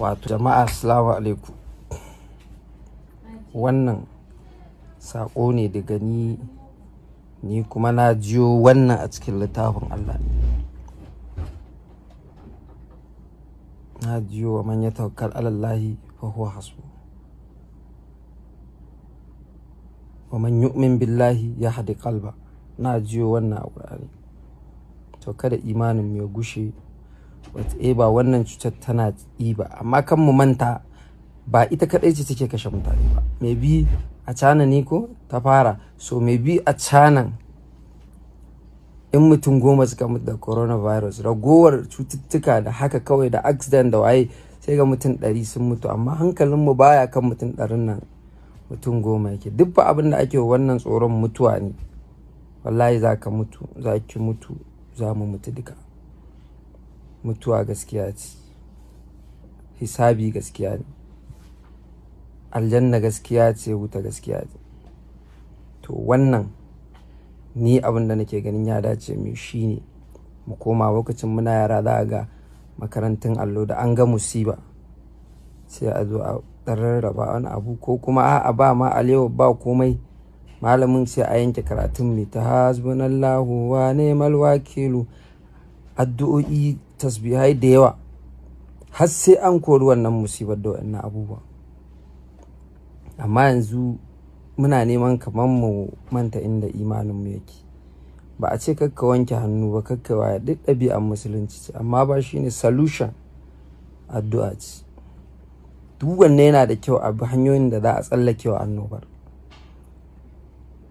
wato jama'a assalamu alaikum wannan saƙo ne daga ni ni kuma na jiyo wannan a cikin littafin Allah na jiyo wa manya tawakkal alallahi fa huwa hasbu wa man yu'min billahi ya hadi kalba na jiyo wannan a ƙur'ani to kada imanin mai gushe Eh, ba wannan cutar tana yi ba amma kan mu manta ba ita kadai ce take kashe mutane ba maybe a cana ne ko ta fara so maybe a canan in mutum goma suka mutu da coronavirus ragowar cututtuka da haka kawai da accident da waye sai ga mutum ɗari sun mutu amma hankalin mu baya kan mutum ɗarin nan mutum goma yake duk ba abin da ake wannan tsoron mutuwa ne wallahi za ka mutu za ki mutu za mu mutu duka mutuwa gaskiya ce hisabi gaskiya ne aljanna gaskiya ce wuta gaskiya ce to wannan ni abin da nake ganin ya dace mu shine mu koma lokacin muna yara za a ga makarantun allo da an ga musiba sai a zo a rarraba wani abu ko kuma a ba ma alewa ba komai malamin sai a yanke karatun mai ta hasbunallahu wa ne malwakilu addu'o'i tasbihai da yawa har sai an kori wannan musibar da wannan abubuwan amma yanzu muna neman kamar mu manta inda imanin mu yake ba a ce kakka wanke hannu ba kakka waya duk ɗabi'an musulunci ce amma ba shi ne solution addu'a ce duk wanne yana da kyau a hanyoyin da za a tsallake wa annobar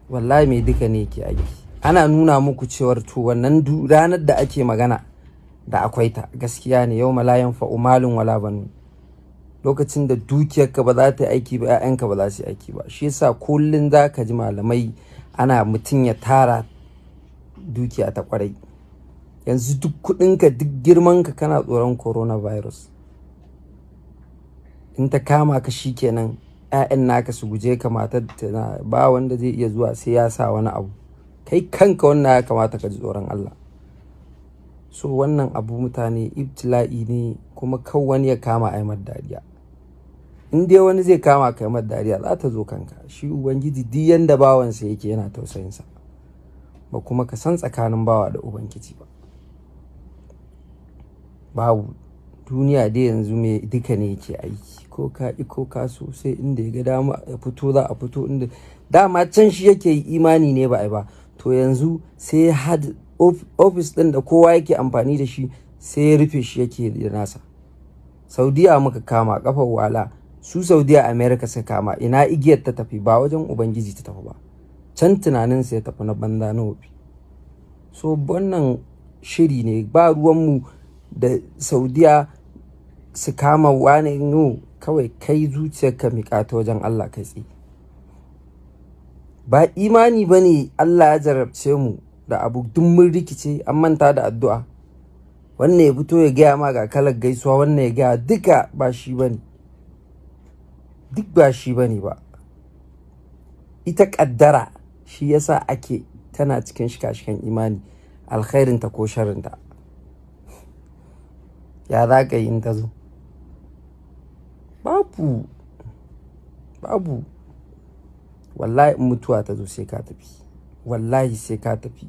wallahi mai duka ne ke aiki ana nuna muku cewar to wannan ranar da ake magana da akwai ta gaskiya ne yau malayan fa'umalin wala banu lokacin da dukiyarka ba za ta yi aiki ba ka ba za su yi aiki ba shi yasa kullum za ka ji malamai ana mutum ya tara dukiya ta kwarai yanzu duk kuɗinka duk girman ka kana tsoron coronavirus in ta kama ka shi kenan 'ya'yan naka su guje ka matar ba wanda zai iya zuwa sai ya sa wani abu kai kanka wannan ya kamata ka ji tsoron Allah so wannan abu mutane ibtila'i ne kuma kawai wani ya kama aimar dariya in dai wani zai kama ka aimar dariya za ta zo kanka shi ubangiji duk yanda bawansa yake yana tausayinsa ba kuma ka san tsakanin bawa da ubangiji ba babu duniya dai yanzu mai duka ne yake aiki ko ka ko ka so inda ya ga dama ya fito za a fito inda dama can shi yake yi imani ne ba ai ba to yanzu sai had ofis ɗin da kowa yake amfani da shi sai ya rufe shi yake da nasa saudiya muka kama kafar wala su saudiya america suka kama ina igiyar ta tafi ba wajen ubangiji ta tafi ba can tunanin ya tafi na banda na wofi so wannan shiri ne ba ruwanmu da saudiya su kama wani no kawai kai zuciyarka miƙa ta wajen allah kai tsaye ba imani bane allah ya jarabce mu da abu duk mun rikice an manta da addu'a wannan ya fito ya gaya ma ga kalar gaisuwa wannan ya gaya duka ba shi bane duk ba shi bane ba ita kaddara shi yasa ake tana cikin shika-shikan imani alkhairinta ko sharinta ya za ka yi ta zo babu babu wallahi in mutuwa ta zo sai ka tafi wallahi sai ka tafi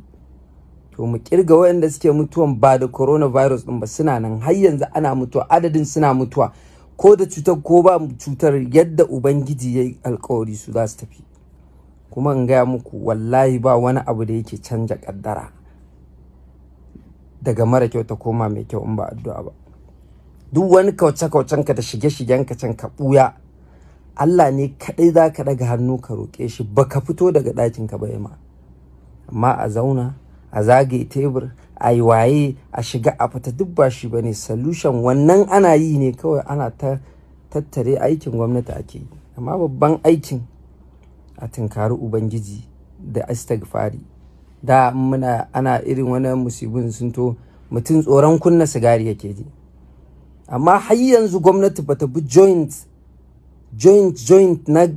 to mu kirga waɗanda suke mutuwan ba da coronavirus din ba suna nan har yanzu ana mutuwa adadin suna mutuwa ko da cutar ko ba cutar yadda ubangiji ya yi alkawari su za su tafi kuma in gaya muku wallahi ba wani abu da yake canja kaddara daga mara kyau ta koma mai kyau in ba addu'a ba duk wani kauce-kaucen ka da shige-shigen ka can ka buya Allah ne kaɗai za ka daga hannu ka roƙe shi baka fito daga ɗakin ka ba ma amma a zauna a zagaye tebur a yi waye a shiga a fita duk ba shi ba ne solution wannan ana yi ne kawai ana ta tattare aikin gwamnati ake yi amma babban aikin a tunkari ubangiji da astagfari da muna ana irin wani musibin sun to mutum tsoron kunna sigari yake ji amma har yanzu gwamnati bata bi joint joint joint na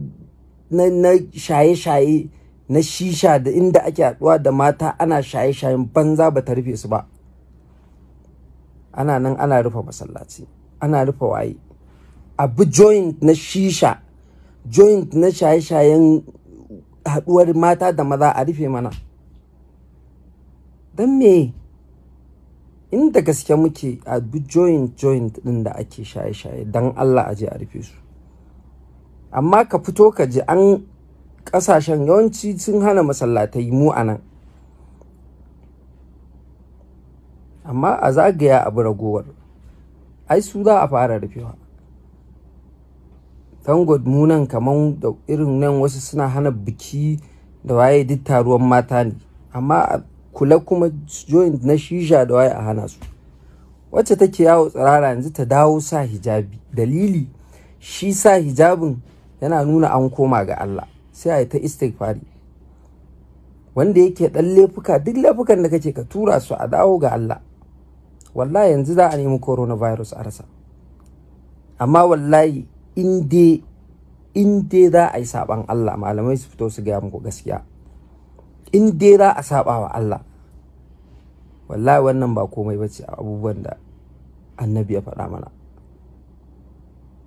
shaye-shaye na shisha da inda ake haɗuwa da mata ana shaye-shayen banza ba ta rufe su ba ana nan ana rufe masallaci ana rufe waye abu joint na shisha joint na shaye-shayen haɗuwar mata da maza a rufe mana don me inda gaske muke a joint joint ɗin da ake shaye-shaye don allah aje a rufe su amma ka fito ka ji an ƙasashen yawanci sun hana masallatai mu a nan amma a zagaya abu ragowar ai su za a fara rufewa tangod mu nan kamar da irin nan wasu suna hana biki da waye duk taruwan mata ne amma a kula kuma joint na shisha da waye a hana su wacce take yawo tsirara yanzu ta dawo sa hijabi dalili shi sa hijabin yana nuna an koma ga Allah sai a yi ta istighfari wanda yake ɗan laifuka duk laifukan da kake ka tura su a dawo ga Allah wallahi yanzu za a nemi coronavirus a rasa amma wallahi in dai in dai za a yi saɓan Allah malamai su fito su gaya muku gaskiya in dai za a saba wa Allah wallahi wannan ba komai bace abubuwan da annabi ya faɗa mana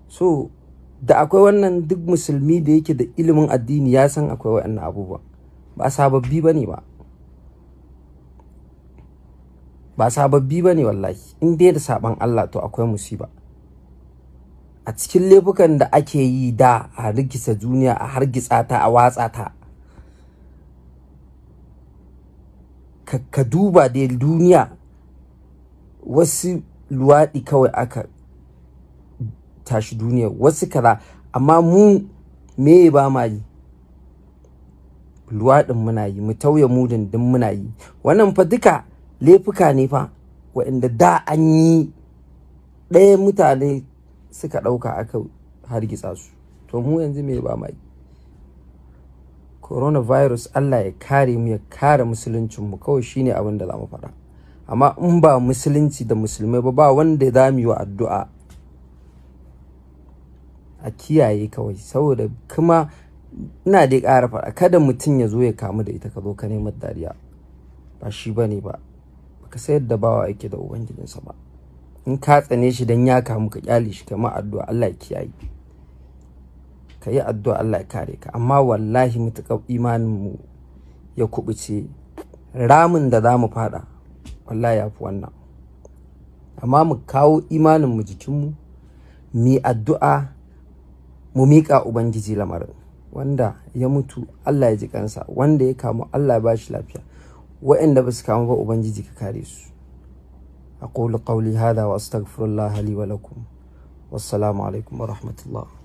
so da akwai wannan duk musulmi da yake da ilimin addini ya san akwai waɗannan abubuwa ba sababbi ba ne ba ba sababbi ba ne wallahi in dai da saban Allah to akwai musiba a cikin laifukan da ake yi da a rikisa duniya a hargitsa ta a watsa ta ka duba da duniya wasu luwaɗi kawai aka tashi duniya wasu kaza amma mu me ba ma yi luwaɗin muna yi mu tauye mudin din muna yi wannan fa duka laifuka ne fa waɗanda da an yi ɗaya mutane suka ɗauka aka hargitsa su to mu yanzu me ba ma yi coronavirus Allah ya kare mu ya kare musuluncinmu kawai shine abin da za mu faɗa amma in ba musulunci da musulmai ba ba wanda za mu yi wa addu'a a kiyaye kawai saboda kuma ina dai ƙara faɗa kada mutum ya zo ya kamu da ita ka zo ka nema dariya ba shi ba ne ba baka sayar da bawa yake da ubangijinsa ba in ka tsane shi dan ya kamu ka kyale shi kama addu'a Allah ya kiyaye ka yi addu'a Allah ya kare ka amma wallahi mutuƙar imanin mu ya kubuce ramin da za mu fada wallahi ya fi wannan amma mu kawo imanin mu jikinmu mu yi addu'a mu miƙa ubangiji lamarin wanda ya mutu Allah ya ji kansa wanda ya kamu Allah ya bashi lafiya waɗanda ba su kamu ba ubangiji ka kare su aqulu qawli hadha wa astaghfirullah li wa lakum wassalamu alaikum wa rahmatullah